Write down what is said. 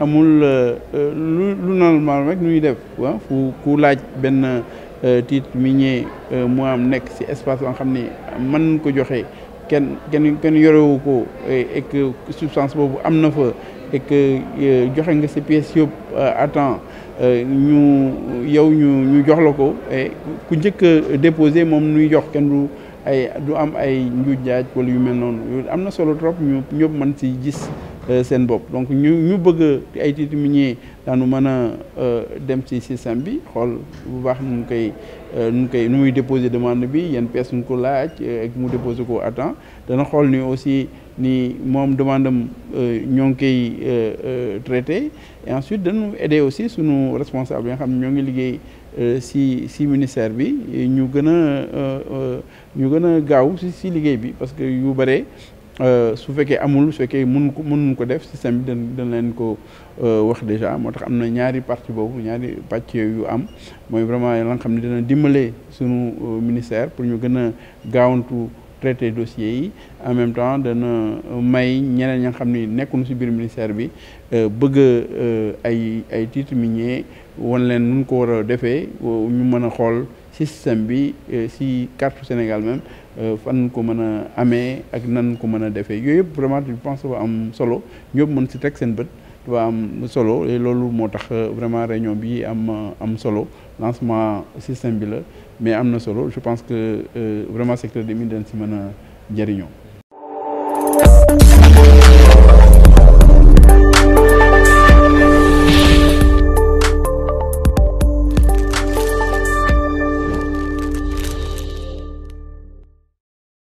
amul euh, euh, lu normal rek ñuy def waaw fu ku laaj benn euh, titre minier mu am nekk si espace ba nga xam ni mën ko joxe kenn kenn kenn yorewu ko et que substance boobu am na fa et que joxe nga sa pièce yëpp à temps ñu yow ñu ñu jox la ko et ku njëkk déposer déposé moom nuy jox kenn du ay du am ay njuuj jaaj wala yu mel noonu am na solo trop ñu ñëpp mën si gis euh, sen bop donc ñu ñu bëgg ay titres miniers daanu mën a euh, dem ci système bi xol bu baax nu koy euh, nu koy nu muy déposer demande bi yeen pièces ñu ko laaj ak mu déposer ko attend temps dana xool ni aussi ni mom demande am ñoo ngi koy traiter et ensuite dañu aider aussi suñu responsable yi nga xam ñong ñoo ngi liggéey. si si ministère bi ñu gëna a ñu gëna a gaaw si si liggéey bi parce que yu bare Euh, su fekkee amul su fekkee mun ko mënuñ ko def système bi dañ dañ leen ko euh, wax déjà moo tax am na ñaari parti boobu ñaari pàcc yu am mooy vraiment la nga xam ne dina dimbalee suñu euh, ministère pour ñu gën a gaawantu traité dossiers yi en même temps dana euh, may ñeneen ñi nga xam ni nekkuñu ci biir ministère bi euh, bëgg euh, ay ay titre wan leen nu ko war a defee ñu mën a xool système bi si carte Sénégal même fan ko mën a amee ak nan ko mën a defee yooyu yëpp vraiment je pense que am solo ñëpp mën si teg seen bët. am solo et loolu euh, vraiment réunion bi am euh, am solo lancement système bi mais am solo je pense que euh, vraiment secteur des mines si mën a